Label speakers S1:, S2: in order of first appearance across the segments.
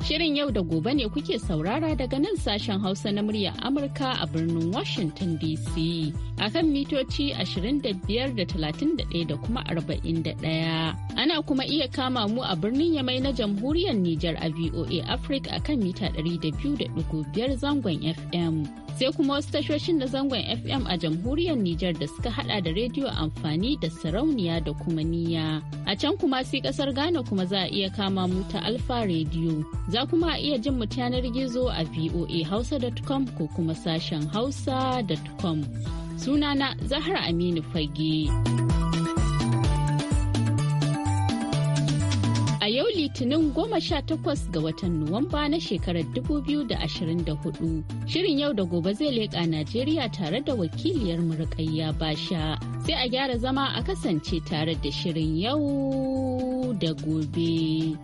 S1: Shirin yau da gobe ne kuke saurara daga nan sashen Hausa na murya Amurka a birnin Washington DC a kan mitoci 25 da 31 da kuma 41. Ana kuma iya kama mu a birnin Yamai na Jamhuriyar Nijar a VOA Africa a kan mita 200.5 zangon FM. Sai kuma wasu tashoshin na zangon FM a Jamhuriyar Nijar da suka hada da rediyo amfani da sarauniya da kuma niya. A can kuma sai kasar Ghana kuma za a iya kama mu ta Alfa Rediyo. Za kuma a iya jin mu yanar gizo a voahausa.com ko kuma sashen hausa.com. na Zahra Aminu Fage. A yau Litinin goma sha takwas ga watan Nuwamba na shekarar 2024. Shirin yau da gobe zai leƙa Najeriya tare da wakiliyar murƙayya Basha. Sai a gyara zama a kasance tare da shirin yau da gobe.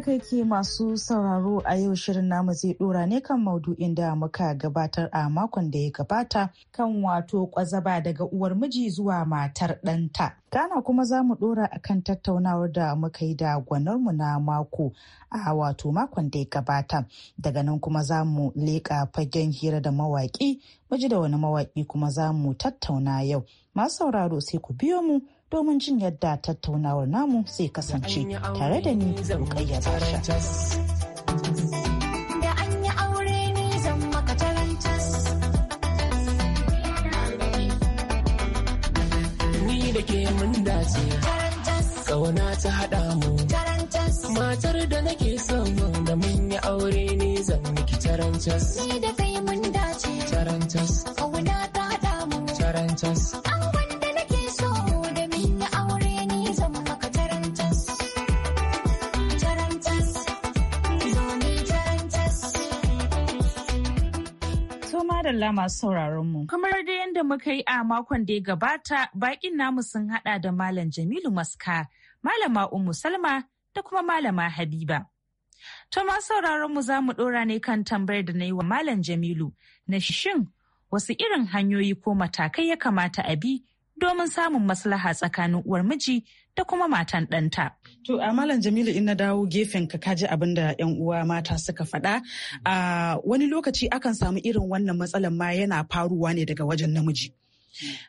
S2: kai masu sauraro a yau shirin namu zai dora ne kan maudu'in da muka gabatar a makon da ya gabata kan wato kwazaba daga uwar miji zuwa matar ɗanta. Ghana kuma za mu dora a kan tattaunawar da muka yi da gwanarmu na mako a wato makon da ya gabata. Daga nan kuma za mu leƙa fagen hira da mawaƙi, miji da wani mawaƙi kuma za mu tattauna yau. Masu sauraro sai ku biyo mu domin jin yadda tattaunawar namu zai kasance tare da ni rukayya basha.
S1: Kawana ta haɗa mu, matar da nake son da mun yi aure ne zan miki tarantas. Ni da kai mun dace. Tarantas. Kawana ta haɗa
S3: mu.
S4: Tarantas.
S2: Allah masu sauraron mu. Kamar da yadda muka yi a makon da ya gabata bakin namu sun hada da Malam Jamilu Maska, Malama Ummu Salma da kuma Malama Habiba. To masu sauraron mu za mu dora ne kan tambayar da na yi wa Malam Jamilu na shin wasu irin hanyoyi ko matakai ya kamata a bi domin samun maslaha tsakanin uwar miji da kuma matan ɗanta. To a Malam Jamilu in na dawo gefen ka kaji abin da 'yan uwa mata suka faɗa. A wani lokaci akan samu irin wannan matsalar ma yana faruwa ne daga wajen namiji.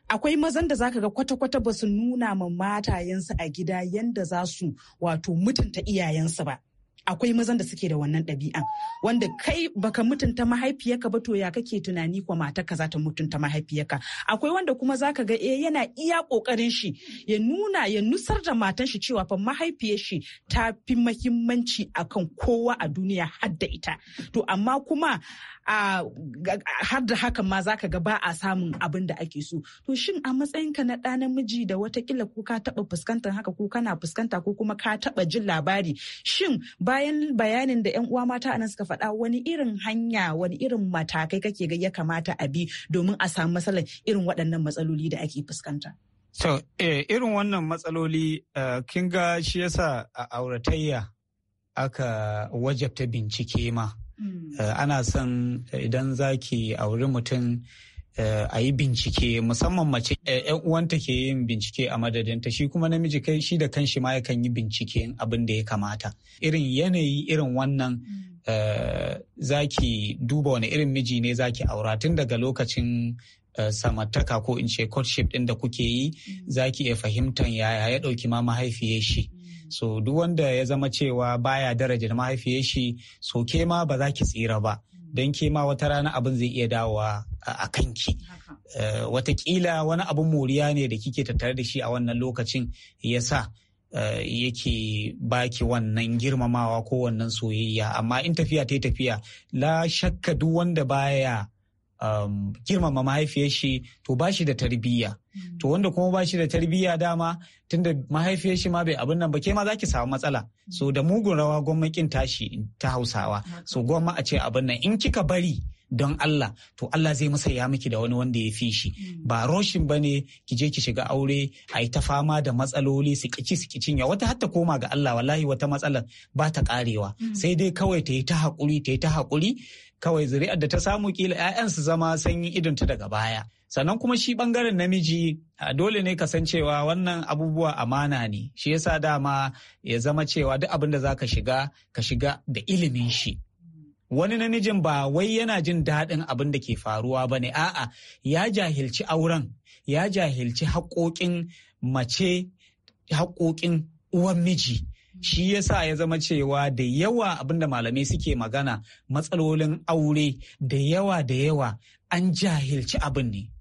S2: Akwai mazan da zaka ga kwata-kwata ba su nuna ma matayensu a gida yanda za su wato mutunta iyayensu ba. akwai mazan da suke da wannan ɗabi'an wanda kai baka mutunta mahaifiyarka ba to ya kake tunani kwa matarka za ta mutunta mahaifiyarka akwai wanda kuma zaka ga eh yana iya kokarin shi ya nuna ya nusar da matan shi cewa fa mahaifiyar shi ta fi muhimmanci akan kowa a duniya har da ita to amma kuma har da hakan ma zaka ga ba a samun abin da ake so to shin a matsayinka na ɗa namiji da watakila ko ka taɓa fuskantar haka ko kana fuskanta ko kuma ka taɓa jin labari shin bayan bayanin da 'yan uwa mata anan suka faɗa wani irin hanya wani irin matakai kake ga ya kamata a bi domin a samu matsalar irin waɗannan matsaloli da ake fuskanta
S3: So, eh, irin wannan matsaloli uh, kin ga shi yasa a auratayya aka wajabta bincike ma Hmm. Eh, ana son eh, idan zaki auri mutum eh, a yi bincike musamman mace yan uwanta ke yin bincike a madadinta shi kuma namiji kai shi da kanshi ma yakan yi bincike abin da ya kamata irin yanayi irin wannan hmm. zaki duba wani irin miji ne zaki aura tun daga lokacin samartaka ko in ce courtship din da kuke yi hmm. zaki iya fahimtan yaya ya ɗauki ma mahaifiyar shi so duk wanda ya zama cewa baya daraja mahaifiyar shi so ke ma ba za ki tsira ba don ke ma wata rana abin zai iya dawowa a kanki eh, watakila wani abin moriya ne da kike tattare da shi a wannan lokacin ya sa eh, yake baki wannan girmamawa ko wannan soyayya amma in tafiya ta yi tafiya la shakka duk wanda baya um, girmama mahaifiyar shi to ba da tarbiyya hmm. to wanda kuma bashi da tarbiyya dama tunda mahaifiyar shi ma bai abin nan ba ke ma zaki samu matsala hmm. so da mugun rawa gwamnatin tashi ta hausawa so gwamma a ce abin nan in kika bari don Allah to Allah zai masa miki da wani wanda ya fi shi hmm. ba roshin ba ne ki je ki shiga aure a yi ta fama da matsaloli su kici su kicinya wata hatta koma ga Allah wallahi wata matsalar ba ta karewa sai dai kawai ta yi ta haƙuri ta yi ta haƙuri kawai zuri'ar da ta samu kila 'ya'yan su zama sanyin idonta daga baya sannan kuma shi bangaren namiji dole ne kasancewa wannan abubuwa amana ne shi yasa dama ya zama cewa duk abin da zaka shiga ka shiga da ilimin shi wani namijin ba wai yana jin daɗin abin da ke faruwa ba ne a'a ya jahilci auren ya jahilci haƙoƙin mace haƙoƙin uwan miji shi ya sa ya zama cewa da yawa abinda malamai suke magana matsalolin aure da yawa da yawa an jahilci abin ne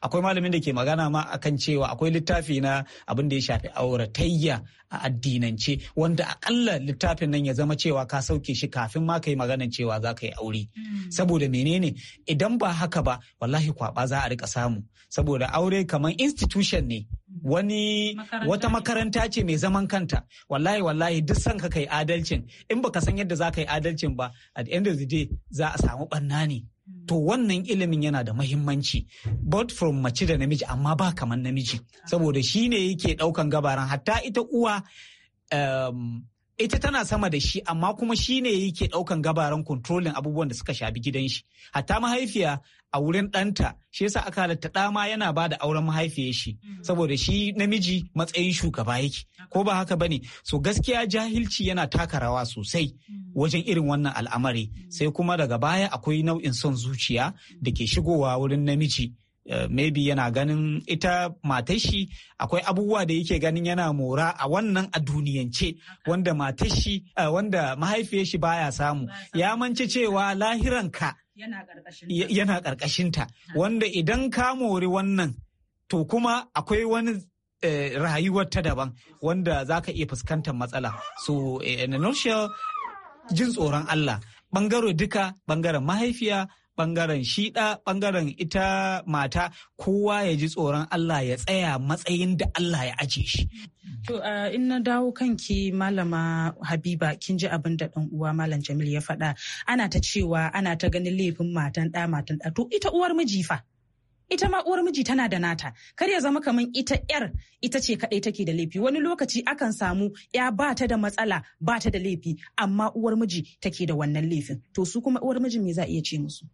S3: akwai malamin da ke magana ma akan cewa akwai littafi na abin da ya shafi auratayya a addinance wanda akalla littafin nan ya zama cewa ka sauke shi kafin ma ka yi maganan cewa za ka yi aure hmm. saboda menene idan ba haka ba wallahi kwaba za a rika samu saboda aure kamar institution ne wani wata makaranta ce mai zaman kanta wallahi wallahi duk san ka kai adalcin in baka san yadda za ka yi adalcin ba at the end of the day za a samu barna ne to wannan ilimin yana da mahimmanci both from mace da namiji amma ba kamar namiji saboda shi ne yake daukan gabaran hatta ita uwa um, ita tana sama da shi amma kuma shi ne yake ɗaukan gabaran kontrolin abubuwan da suka shafi gidan shi hatta mahaifiya a wurin ɗanta shi yasa aka halatta ɗa ma yana ba da auren mahaifiyar shi mhm. saboda shi namiji matsayin shugaba yake ko ba haka bane so gaskiya jahilci yana taka rawa sosai mhm. wajen irin wannan al'amari mhm. sai kuma daga baya akwai nau'in son zuciya da ke shigowa wurin namiji Eh, maybe yana ganin ita matashi akwai abubuwa da yake ganin yana mora a wannan a duniyance wanda matashi eh, wanda mahaifiyar shi baya samu ya manci cewa ka
S2: yana
S3: ta wanda idan ka mori wannan to kuma akwai wani eh, rayuwar ta daban wanda zaka iya fuskantar matsala so in a nutshell jin tsoron Allah bangare duka bangaren mahaifiya bangaren shiɗa bangaren ita mata kowa ya ji tsoron Allah ya tsaya matsayin da Allah ya aje shi.
S2: To in na dawo kanki malama Habiba kin ji abin da dan uwa malam Jamil ya faɗa ana ta cewa ana ta ganin laifin matan ɗa matan ɗa. to ita uwar miji fa ita ma uwar miji tana da nata kar ya zama kamar ita yar ita ce kaɗai take da laifi wani lokaci akan samu ya ba ta da matsala ba ta da laifi amma uwar miji take da wannan laifin to su kuma uwar miji me za iya ce musu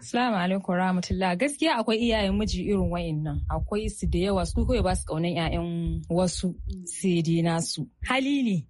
S2: Salamu alaikum rahmatullah gaskiya akwai iyayen miji irin wa'innan akwai su da yawa su kawai ba su kaunan 'ya'yan wasu sai dai nasu. Hali ne,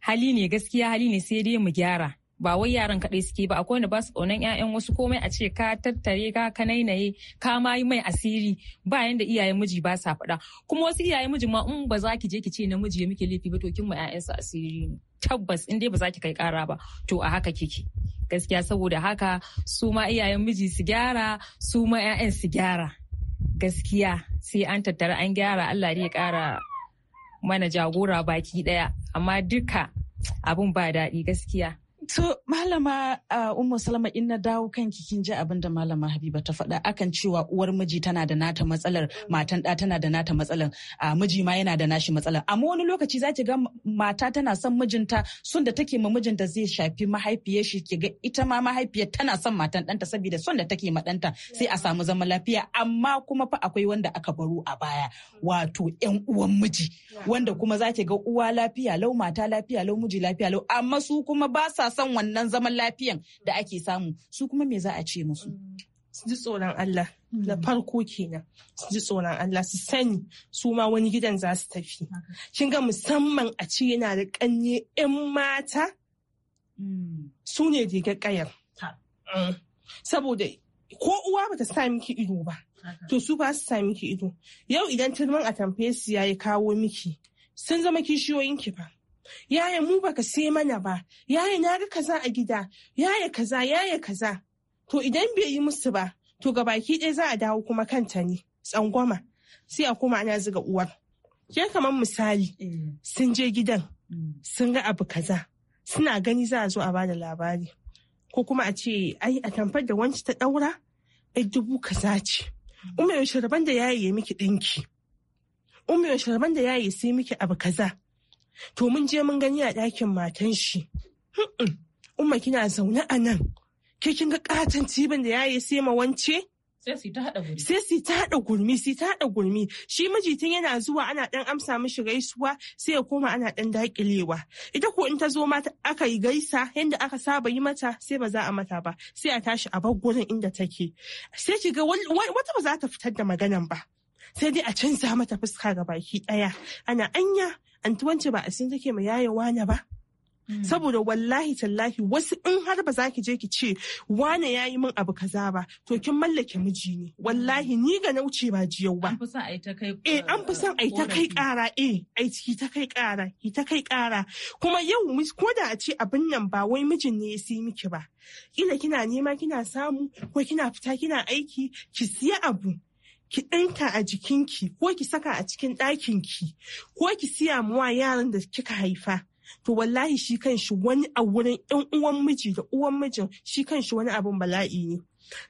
S2: hali ne gaskiya hali ne sai dai mu gyara. ba wai yaran kaɗai suke ba akwai wanda ba su ƙaunan 'ya'yan wasu komai a ce ka tattare ka ka nainaye ka ma yi mai asiri ba yanda iyayen miji ba sa faɗa kuma wasu iyayen miji ma in ba za ki je ki ce namiji ya muke laifi ba to kin ma 'ya'yansu asiri ne tabbas in dai ba za ki kai ƙara ba to a haka kike gaskiya saboda haka su ma iyayen miji su gyara su ma 'ya'yan su gyara gaskiya sai an tattara an gyara Allah ya ƙara mana jagora baki ɗaya amma duka abun ba daɗi gaskiya To malama uh, Ummu Salama in na dawo kan kin ji abinda da malama Habiba ta faɗa akan cewa uwar miji tana da nata matsalar mm. matan ɗa tana da nata matsalar miji ma yana da nashi matsalar amma wani lokaci za ki ga mata tana son mijinta son da take ma mijinta zai shafi mahaifiyar shi ki ga ita ma mahaifiyar tana son matan ɗanta saboda son da take ma ɗanta sai a samu zaman lafiya amma kuma fa akwai wanda aka baro a baya mm. wato ƴan uwan miji wanda kuma za ki ga uwa lafiya lau mata lafiya lau miji lafiya lau amma su kuma ba sa san wannan zaman lafiyan da ake samu su kuma me za a ce musu su ji tsoron Allah
S5: mm. na farko kenan su ji tsoron Allah su sani su ma wani gidan za su tafi kin ga musamman a ce yana da kanye yan mata mm. su ne riga kayar mm. saboda ko uwa bata sa miki ido ba to su ba su sa miki ido yau idan turmin a tamfe su ya kawo miki sun zama kishiyoyin ba yaya mu baka sai mana ba yaya na ga kaza a gida yaya kaza yaya kaza to idan bai yi musu ba to ga baki ɗaya za a dawo kuma kanta ne tsangwama sai a koma ana zuga uwar ke kamar misali eh. sun je gidan hmm. sun ga abu kaza suna gani za a zo a bada labari ko kuma a ce ai a tamfar da wanci ta daura ai dubu kaza ce umar yaushe da yayi miki dinki umar yaushe da yayi sai miki abu kaza To mun je mun gani a ɗakin matan shi. Umma kina zaune a nan. Ke kin ga katon tibin da yayi sai ma wance?
S2: Sai su ta haɗa gurmi.
S5: Sai su ta haɗa gurmi, Shi miji tun yana zuwa ana ɗan amsa mishi gaisuwa sai ya koma ana ɗan daƙilewa. Ita ko in ta zo mata aka yi gaisa yadda aka saba yi mata sai ba za a mata ba. Sai a tashi a bar gurin inda take. Sai ki ga wata ba za ta fitar da maganan ba. sai dai a canza mata fuska ga baki ɗaya. ana anya anti wance ba asin take ma yaya wane ba hmm. saboda wallahi tallahi wasu in har ba za ki je ki ce wane ya yi min abu kaza ba to kin mallake miji ne wallahi ni ga na wuce ba jiyau ba an fi son ai ta kai kara eh ai ki ta kai kara ki eh, ta kai kara kuma yau ko da a ce abin nan ba wai mijin ne ya si miki ba kila kina nema kina samu ko kina fita kina aiki ki siya abu ki ɗinka a jikinki ko ki saka a cikin ɗakinki ko ki siya muwa yaran da kika haifa to wallahi shi kan shi wani a wurin yan uwan miji da uwan mijin shi kan shi wani abin bala'i ne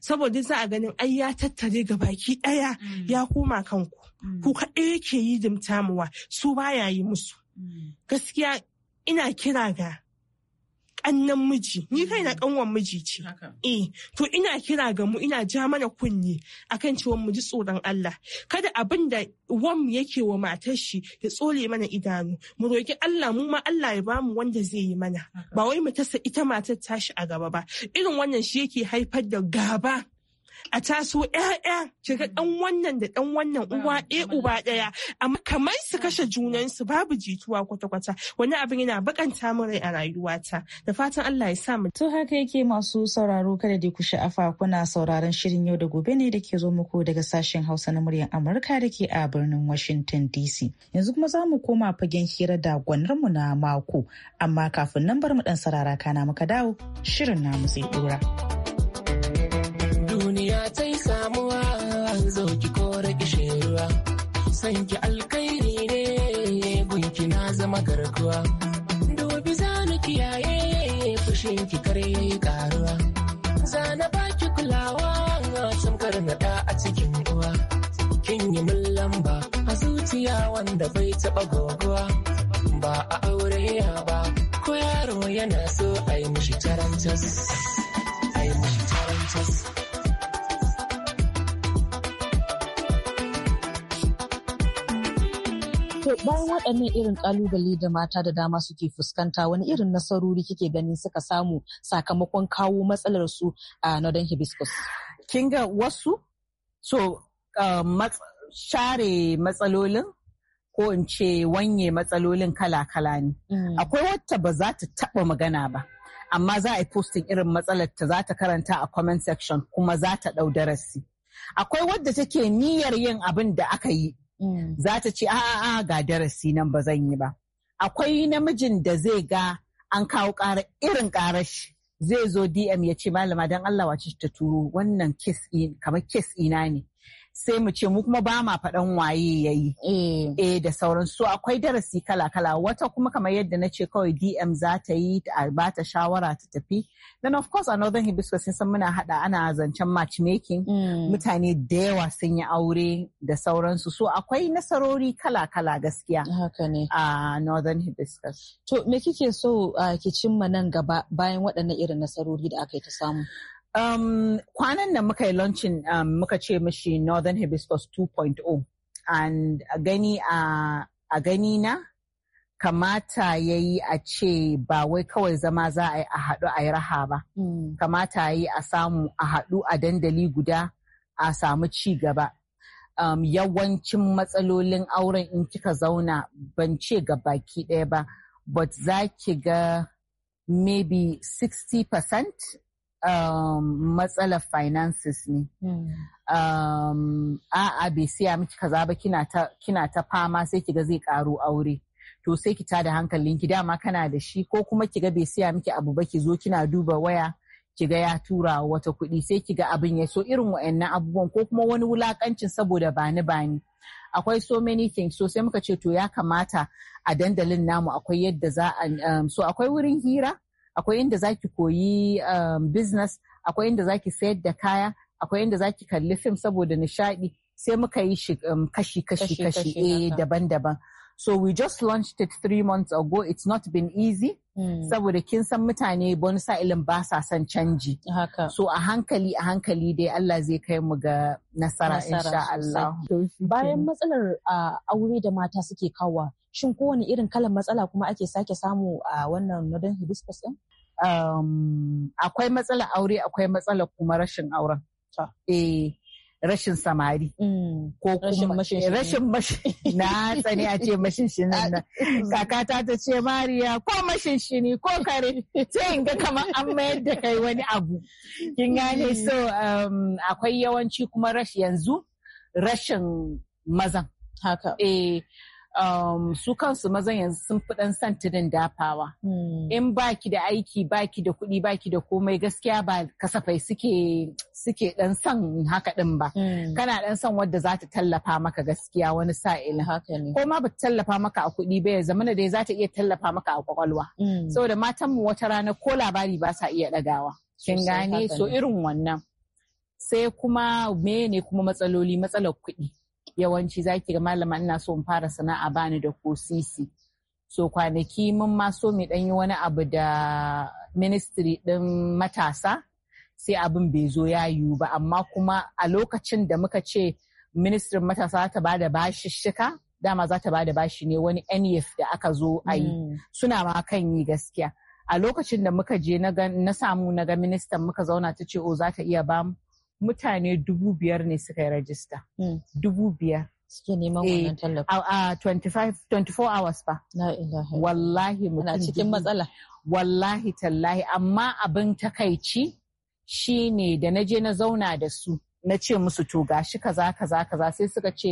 S5: saboda za a ganin ai ya tattare ga baki ɗaya mm. ya koma kanku mm. ku kaɗai yake yi dimtamuwa su baya yi musu mm. gaskiya ina kira ga kannan miji ni kai na kanwan miji ce eh to ina kira ga mu ina ja mana kunni akan cewa mu ji tsoron Allah kada abin da wam yake wa matar shi ya tsole mana idanu mu roki Allah mu ma Allah ya bamu wanda zai yi mana ba wai mu tasa ita matar tashi a gaba ba irin wannan shi yake haifar da gaba a taso ƴaƴa kiga dan wannan da dan wannan uwa e uba ɗaya amma kamar su kashe junansu babu jituwa kwata-kwata wani abin yana bakanta mu rai a rayuwata da fatan Allah ya sa
S2: mu to haka yake masu sauraro kada dai ku sha'afa kuna sauraron shirin yau da gobe ne da ke zo muku daga sashen Hausa na muryar Amurka da ke a birnin Washington DC yanzu kuma za mu koma fagen hira da gwanar mu na mako amma kafin nan bar mu dan sarara kana muka dawo shirin namu zai dora.
S1: ta yi samuwa zo ki kore kishiruwa san ki alkairi ne gunki na zama garkuwa dubi zanu kiyaye fushin ki kare karuwa zana baki kulawa sun na da a cikin uwa kin yi min lamba a zuciya wanda bai taba gogowa ba a aure ya ba ko yaro yana so a yi mishi tarantas To bayan waɗannan
S2: irin ƙalubale da mata da dama suke fuskanta wani irin nasarori kike ganin suka samu sakamakon kawo matsalar su a Northern Hibiscus? Kin ga wasu so share matsalolin ko in ce wanye matsalolin kala-kala ne. Mm. Akwai wata ba za ta taɓa magana ba. amma za a yi postin irin matsalar ta za ta karanta a comment section kuma za ta ɗau darasi. Akwai wadda take niyyar yin abin da aka yi Mm. za ta ce a'a ga darasi nan ba zan yi ba akwai namijin da zai ga an kawo ƙara irin ƙarar shi zai zo dm ya ce malama don allah wace ta turo wannan kes kes ina ne sai mu ce mu kuma ba ma faɗan waye ya yi. E eh. eh, da sauran su akwai darasi kala-kala wata kuma kamar yadda na ce kawai DM za ta yi a ba ta shawara ta tafi. Then of course a Northern Hibiscus sun san muna haɗa ana zancen matchmaking mm. mutane da yawa sun yi aure da sauransu so akwai nasarori kala-kala gaskiya. Haka ne. A Northern Hibiscus. To me kike so ki cimma nan gaba bayan waɗannan irin nasarori da aka yi ta samu? Um, kwanan nan muka yi launching um, muka ce mashi Northern Hibiscus 2.0 and a gani a a gani na kamata ya yi a ce ba wai kawai zama za a yi a haɗu a yi raha ba. Mm. Kamata ya yi a samu a haɗu a dandali guda a samu ci gaba. Um, yawancin matsalolin auren in kika zauna ban ce ga baki ɗaya ba, but za ki ga maybe 60% percent? um, matsalar finances ne. Hmm. Um, a a'a bai siya miki kaza ba kina ta fama sai kiga zai karu aure. To sai ki tada ki dama kana da shi ko kuma kiga bai siya miki abu ba ki zo kina duba waya kiga ya tura wata kuɗi sai kiga abin ya so irin wa'annan abubuwan ko kuma wani wulakancin saboda bani bani. akwai so many things so sai muka ce to ya kamata a dandalin namu akwai yadda za a um, so akwai wurin hira akwai inda za ki koyi um, business akwai inda za ki sayar da kaya akwai inda za ki kalli fim saboda nishadi sai muka yi um, kashi kashi kashi daban-daban eh, so we just launched it three months ago it's not been easy hmm. saboda kin san mutane wani ilin ba sa son canji so a hankali a hankali dai Allah zai kai mu ga nasara insha Allah bayan matsalar uh, aure da mata suke kawa shin kowane irin kalan matsala kuma ake sake samu a wannan northern hibiscus din akwai matsala aure akwai matsala kuma rashin auren eh rashin samari mm, ko kuma rashin mashi na tsani a ce shini na kakata ta ce mariya ko mashin shini ko kare sai in ga kamar an mayar da kai wani abu kin gane mm. so akwai yawanci kuma rashin yanzu rashin mazan haka eh um, su kansu mazan yanzu sun fi dan san tudun dafawa. Hmm. In baki da aiki baki da kuɗi baki da komai gaskiya ba kasafai suke suke dan san haka din ba. Hmm. Kana dan san wadda za ta tallafa maka gaskiya wani sa'il Haka ne. Ko ma ba ta tallafa maka a kuɗi ba ya zamana dai za ta iya tallafa maka a kwakwalwa. Hmm. Saboda matan mu wata rana ko labari ba sa iya ɗagawa. Kin gane so irin wannan. Sai kuma mene kuma matsaloli matsalar kuɗi. yawanci zaki ga malama ina so in fara sana'a bani da ko sisi so kwanaki mun ma so mu ɗanyi wani abu da ministry ɗin matasa sai abin bai zo ya yiwu ba amma kuma a lokacin da muka ce ministry matasa ta bada bashi shika dama za ta bada bashi ne wani NEF da aka zo a yi mm. suna ma kan yi gaskiya a lokacin da muka je na samu na ga ministan muka zauna ta ce o oh, za ta iya bamu mutane dubu biyar ne suka yi rajista. Hmm. Dubu biyar. Suke neman eh, wannan tallafi. A 24 hours fa. Wallahi mutum. Ana cikin matsala. Wallahi tallahi amma abin takaici shi ne da na je na zauna da su na ce musu to gashi kaza kaza kaza sai suka ce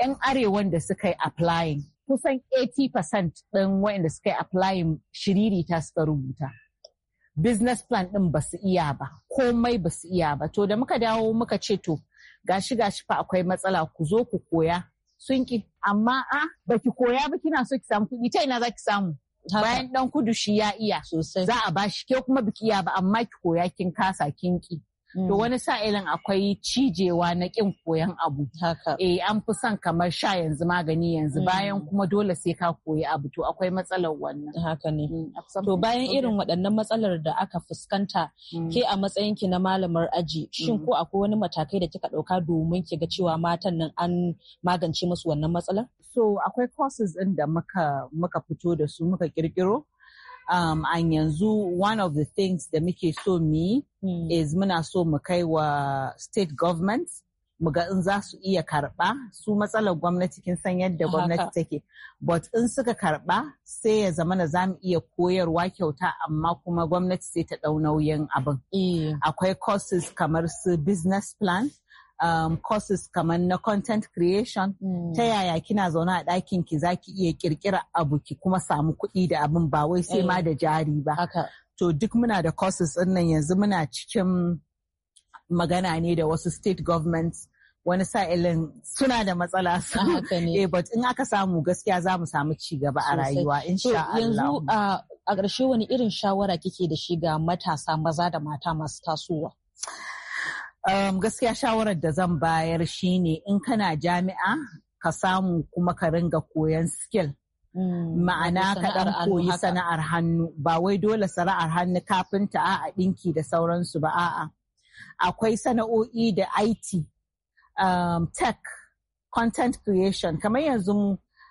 S2: 'yan arewan da suka yi applying kusan 80% ɗin waɗanda suka yi applying shiririta suka rubuta. business plan ɗin ba su iya ba komai ba su iya ba to da muka dawo muka ce to gashi gashi fa akwai matsala ku zo ku koya sun ki amma a baki koya ba kina so ki samu kuɗi ta ina za ki samu bayan ɗan kudu shi ya iya sosai za a ba shi ke kuma biki ya ba amma ki koya kin kasa kin ki To mm. wani sa'ilin akwai cijewa na kin koyan abu. Haka. Eh an fi son kamar sha yanzu magani yanzu mm. bayan kuma dole sai ka koyi abu to akwai matsalar wannan. Haka ne. Mm, to bayan irin waɗannan matsalar da aka fuskanta ke a matsayinki na malamar aji shin ko akwai wani matakai da kika ɗauka domin ki ga cewa matan nan an magance musu wannan matsalar? So akwai courses ɗin da muka muka fito da su muka kirkiro Um, and yanzu one of the things da muke so mi hmm. is muna so mu kai wa state government mu ga in za su iya karba su matsalar gwamnati kin san yadda gwamnati take but in suka karba sai ya zamana na zamu iya koyarwa kyauta amma kuma gwamnati sai ta dau nauyin abin eh. akwai courses kamar su business plan um, courses kamar na content creation mm. ta yaya kina zaune a ɗakin ki zaki iya kirkira abu ki kuma samu kuɗi da abin ba wai sai ma eh. da jari ba to duk muna da courses ɗin nan yanzu muna cikin magana ne da wasu state governments wani sa'ilin suna da matsala su eh but in aka samu gaskiya za mu samu ci gaba a rayuwa insha Allah yanzu a ƙarshe wani irin shawara kike da shi ga matasa maza da mata masu tasowa Um, gaskiya shawarar da zan bayar shine in kana jami'a ka samu kuma ka ringa koyan skill.
S1: Mm, ma'ana ka ɗan koyi
S2: sana'ar hannu ba wai dole sana'ar hannu kafinta a'a ɗinki da sauransu ba a'a akwai sana'o'i da IT um, tech content creation kamar yanzu mu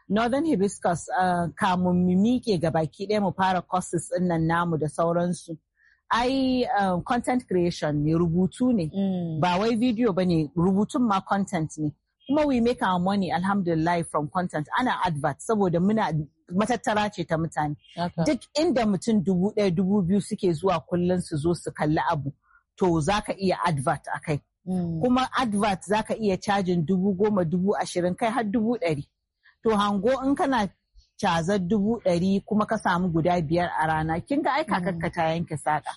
S2: Northern Hibiscus uh, kamun mu miƙe ga baki ɗaya mu fara courses ɗin nan namu da sauransu ai uh, content creation ne rubutu ne mm. ba wai video ba ne rubutun ma content ne kuma we make our money alhamdulillah from content ana advert saboda muna matattara ce ta mutane duk inda mutum dubu ɗaya dubu biyu suke zuwa kullum su zo su kalli abu to za ka iya advert a kai mm. kuma advert za ka iya cajin dubu goma dubu ashirin kai har dubu ɗari to hango in kana cazar dubu ɗari kuma ka samu guda biyar a rana kin ga ai mm-hmm. ka ta yanke sada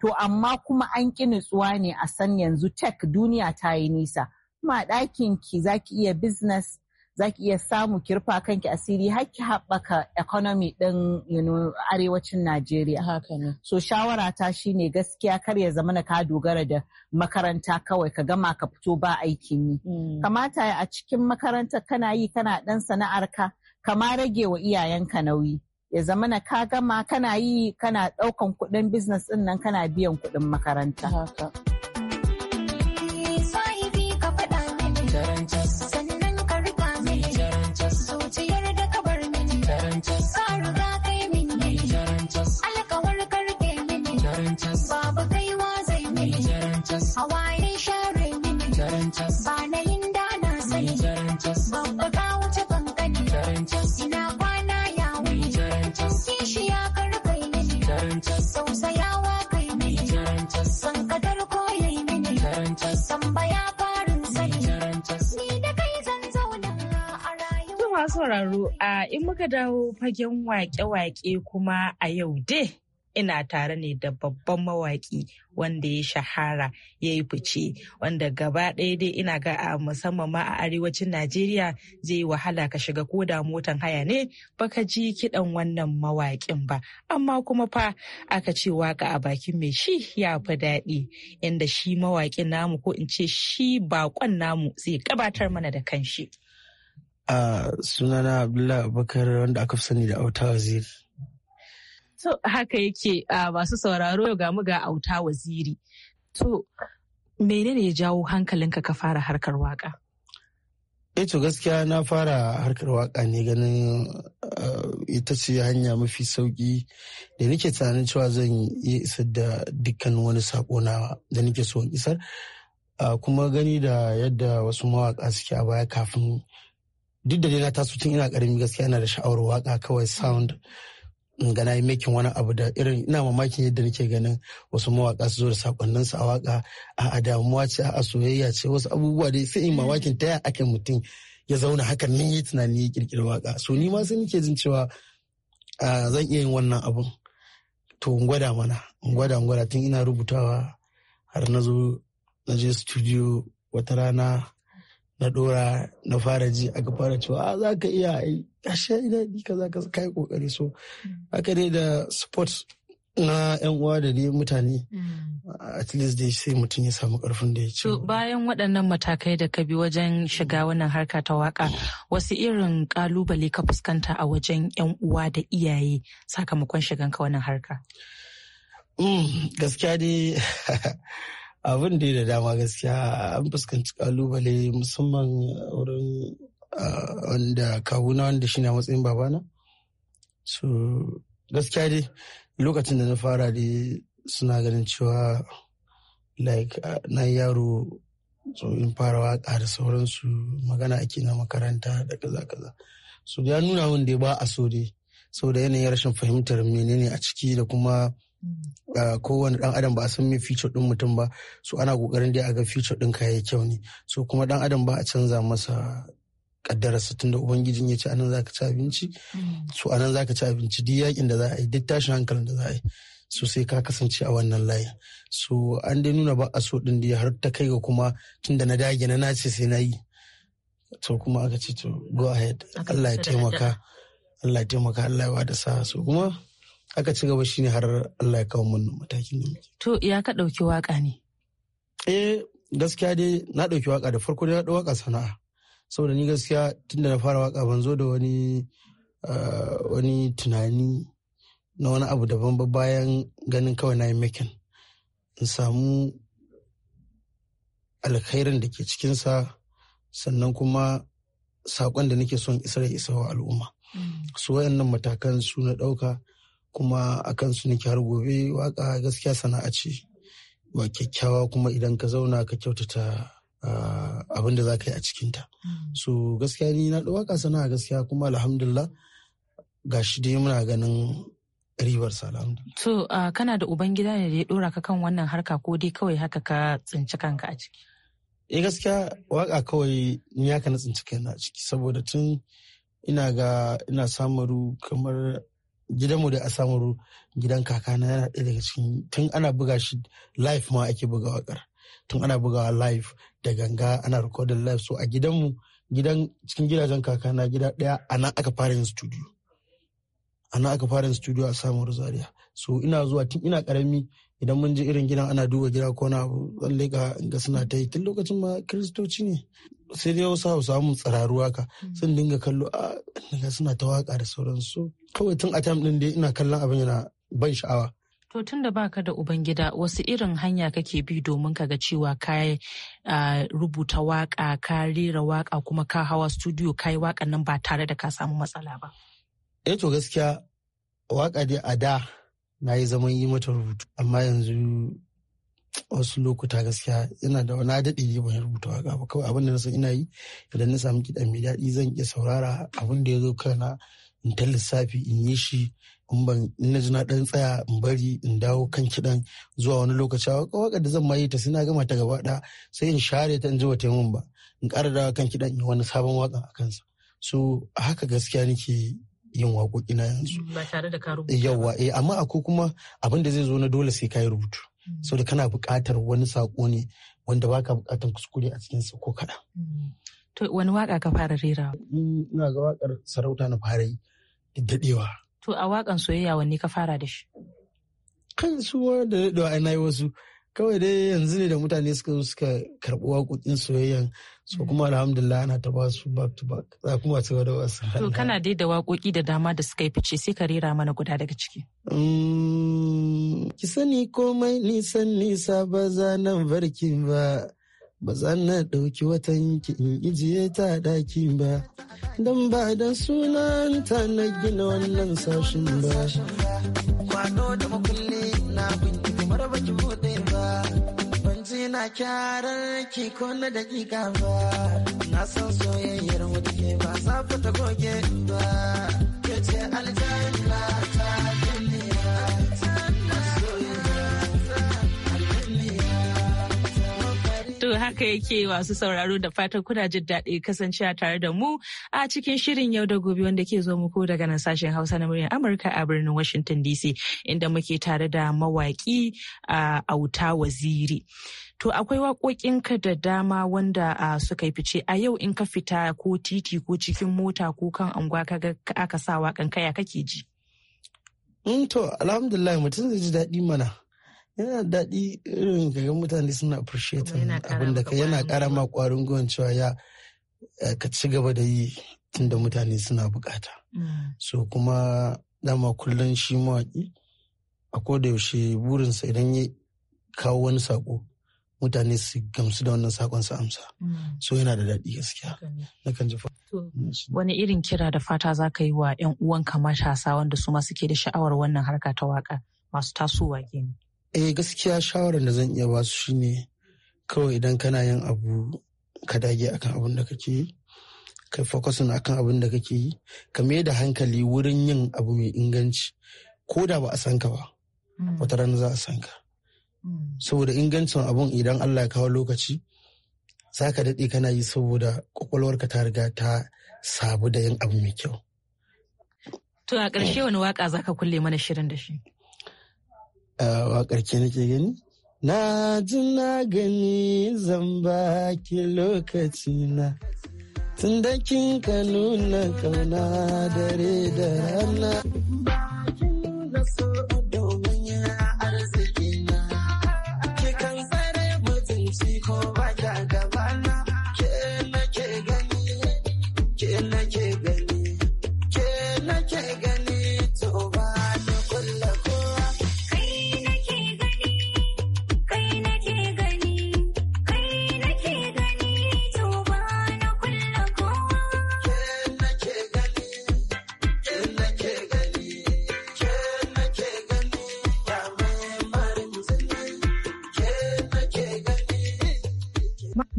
S2: To amma kuma an ƙi nutsuwa ne a san yanzu tech duniya ta yi nisa. Kuma ɗakin ki za ki iya business za ki iya samu kirfa kanki asiri har ki haɓaka economy ɗin you know, arewacin Najeriya. Haka ne. So shawara ta shine gaskiya kar ya zama na ka dogara da makaranta kawai ka gama ka fito ba aikin yi. Mm. Kamata a cikin makaranta kana yi kana ɗan sana'arka. ka kama rage wa iyayenka nauyi ya zama na ka gama kana yi kana ɗaukan kuɗin business ɗin nan kana biyan kuɗin makaranta.
S1: Sausa ya kai ne. Karanta san kadar koyai mini. Karanta san baya sani.
S2: ni da kai zan zauna a rayuwa. Tuma sauraro a in muka dawo fagen waƙe-waƙe kuma a yau de. ina tare ne da babban mawaki wanda ya shahara ya yi fice wanda gaba ɗaya dai ina ga a musamman ma a arewacin najeriya zai yi wahala ka shiga ko da motan haya ne baka ji kiɗan wannan mawaƙin ba amma kuma fa aka ce waka a bakin mai shi ya fi daɗi inda shi mawaƙin namu ko in ce shi baƙon namu zai gabatar mana da kanshi.
S4: A sunana Abdullahi Abubakar wanda aka fi sani da Auta Waziri.
S2: So haka yake masu sauraro ga mu ga auta waziri. To menene ya jawo hankalinka ka fara harkar waka?
S4: E eh, to gaskiya na fara harkar waka ne ganin ita ce hanya mafi sauki da nake tunanin cewa zan yi isar da dukkan wani sako na da nake so isar. kuma gani da yadda wasu mawaka suke a baya kafin duk da dai na taso tun ina karami gaskiya ina da sha'awar waka kawai sound. in ga na yi mekin wani abu da irin ina mamakin yadda nake ganin wasu mawaka su zo da sakonnin su a waka a damuwa ce a soyayya ce wasu abubuwa dai sai in mamakin ta yaya aka mutum ya zauna haka nan yi tunani ya kirkiri waka so ni ma sai nake jin cewa zan iya yin wannan abun to in gwada mana in gwada in gwada tun ina rubutawa har na zo na je studio wata rana na dora na fara ji aka fara cewa a ah, za ka iya ai ashe ina ni ka za ka kai kokari so mm. haka dai da support na yan uwa da dai mutane mm. uh, at least dai sai mutum ya samu karfin da ya ci.
S2: bayan waɗannan matakai da ka bi wajen shiga wannan harka ta waka wasu irin kalubale ka fuskanta a wajen
S4: yan uwa da iyaye sakamakon ka wannan harka. Mm, gaskiya dai abin da da dama gaskiya an fuskanci kalubale musamman wurin wanda kawuna wanda shi na matsayin babana so gaskiya dai lokacin da na fara dai suna ganin cewa like na yaro in fara waka da sauransu magana ake na makaranta da kaza kaza so ya nuna wanda ba a so dai saboda yanayin rashin fahimtar menene a ciki da kuma kowane dan adam ba a san me feature din mutum ba so ana kokarin dai a ga feature din ka yayi kyau ne so kuma dan adam ba a canza masa kaddararsa tunda ubangijin ya ce anan zaka ci abinci mm. so anan zaka ci abinci duk yakin da za a yi duk tashin hankalin da za a yi so sai ka kasance a wannan layi so an dai nuna ba a so din da har ta kai ga kuma tunda na dage na nace sai na yi to kuma aka ce to go ahead Allah ya taimaka Allah ya taimaka Allah ya wada sa so kuma aka ci gaba shine har Allah ya kawo mun matakin da
S2: To ya ka ɗauki waka ne?
S4: Eh gaskiya dai na ɗauki waka da farko dai na ɗau waka sana'a. Saboda ni gaskiya tunda na fara waka ban zo da wani ah, wani tunani na wani abu daban ba bayan ganin kawai na yi makin. In samu alkhairin da ke cikinsa sannan kuma sakon da nake son isar da isa wa al'umma. Mm. Su wayannan matakan su na ɗauka kuma a kansu nake har gobe waka gaskiya sana'a ce ba kyakkyawa kuma idan ka zauna ka kyautata ah, abin da za ka yi a cikinta mm. so gaskiya ni na waka sana'a gaskiya kuma alhamdulillah gashi dai muna ganin ribar salam.
S2: To kana da ubangida ne da ya ɗora ka kan wannan harka ko dai kawai haka ka tsinci kanka a ciki?
S4: Eh gaskiya waka kawai ni na tsinci kanka a ciki saboda tun ina ga ina samaru kamar gidanmu da asamuru gidan kakana yana ɗaya daga cikin tun ana buga shi live ma ake buga wakar tun ana bugawa live da ganga ana recording live so a gidanmu gidan cikin gidajen kakana gida ɗaya a nan aka fara yin studio a nan aka fara yin studio a samun zaria so ina zuwa tun ina karami idan mun je irin gidan ana duba gida ko na tsalle ga suna ta yi tun lokacin ma kiristoci ne sai dai wasu hausa mun tsiraru haka sun dinga kallo ah, a daga suna ta waka da sauransu kawai tun a tam din dai ina kallon abin yana ban sha'awa
S2: to tun da baka da ubangida wasu irin hanya kake bi domin ka ga cewa ka rubuta waka ka rera waka kuma ka hawa studio ka yi wakan nan ba tare da ka samu matsala ba
S4: eh to gaskiya waka dai a da na yi zaman yi mata rubutu amma yanzu wasu lokuta gaskiya yana da wani daɗi ne ban rubuta waka ba kawai abin da na san ina yi idan na samu kiɗan mai daɗi zan iya saurara abin da ya zo kana in ta lissafi in yi shi in ban na ji na ɗan tsaya in bari in dawo kan kiɗan zuwa wani lokaci waka da zan mai ta sai na gama ta gaba ɗaya sai in share ta in ji wata yamma ba in ƙara dawo kan kiɗan in wani sabon waƙa a kansa so haka gaskiya nake yin waƙoƙi na yanzu
S2: ba tare da ka rubuta yawa
S4: eh amma akwai kuma abin da zai zo na dole sai ka yi rubutu mm. saboda kana buƙatar wani saƙo ne wanda baka buƙatar kuskure a cikin sa ko kaɗan. Mm. to wani waƙa ka fara rera ina ga waƙar sarauta na fara yi daɗewa
S2: to a waƙan soyayya wanne ka fara da shi
S4: kan suwa da daɗewa ai na yi wasu kawai dai yanzu ne da mutane suka suka karɓi waƙoƙin soyayyan so mm. kuma alhamdulillah ana ta ba su back to back za kuma su da wasu to
S2: kana dai da waƙoƙi da dama da suka yi fice sai ka rera mana guda daga ciki
S4: mm, ki sani komai nisan nisa ba za nan barkin ba ba za na ɗauki watan ki in ijiye ta ɗakin ba don ba da sunan ta na gina wannan sashin ba Kwado da ina kyarar ki kula da kika ba na san soyayyar mu ke ba za ta goge ba ke ce aljanna ta
S2: To haka yake wasu sauraro da fatan kuna jin daɗi kasancewa tare da mu a cikin shirin yau da gobe wanda ke zo muku daga nan sashen Hausa na muryar Amurka a birnin Washington DC inda muke tare da mawaƙi a auta waziri. To akwai ka da dama wanda uh, suka yi fice a yau in ka fita ko titi ko cikin mota ko kan anguwa kaga aka sa waƙan kaya
S4: kake ji. Mm, to alhamdulillah mutum zai ji daɗi mana. yana daɗi irin kaga mutane suna appreciate abin da ka yana ƙara ma ƙwarin gwiwan cewa ya eh, ka ci gaba da yi tunda mutane suna bukata mm. so kuma dama kullum shi mawaƙi a koda yaushe burinsa idan ya kawo wani sako mutane su gamsu da wannan sakon su amsa mm. so yana da daɗi gaskiya nakan ji mm,
S2: wani irin kira da fata za ka yi wa 'yan uwanka matasa wanda su ma suke da sha'awar wannan harka ta waka masu tasowa kenan
S4: eh gaskiya shawarar da zan iya ba su shine kawai idan kana yin abu ka dage akan abin da kake yi ka focusin akan abin da kake yi ka mai da hankali wurin yin abu mai inganci ko da ba a san ka ba hmm. wata rana za a san ka hmm. saboda ingancin abun idan Allah ya kawo lokaci za ka daɗe kana yi saboda ka ta riga ta sabu da yin abu mai kyau. To
S2: a ƙarshe wani waka za ka kulle mana shirin da shi?
S4: wakar ke nake gani na ji na gani zan baki lokaci na tun da kin ka nuna kauna dare da rana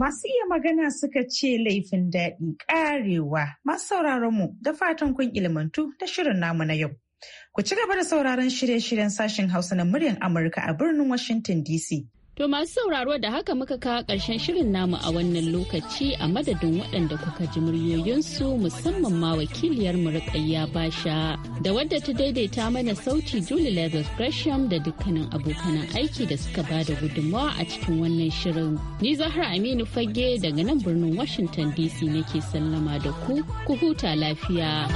S2: Masu iya magana suka ce laifin daɗi ƙarewa. Masu sauraron mu da fatan kun ilmantu da shirin namu na yau. Ku ci gaba da sauraron shirye-shiryen sashen Hausa na muryar Amurka a birnin Washington DC.
S1: To masu sauraro da haka muka kawo ƙarshen shirin namu a wannan lokaci a madadin waɗanda kuka ji muryoyinsu musamman ma wakiliyar mu ya Basha da wadda ta daidaita mana sauti Julie Leathers Gresham da dukkanin abokan aiki da suka ba da gudunmawa a cikin wannan shirin. Ni Zahra Aminu Fage daga nan birnin Washington DC nake sallama da ku, ku huta lafiya.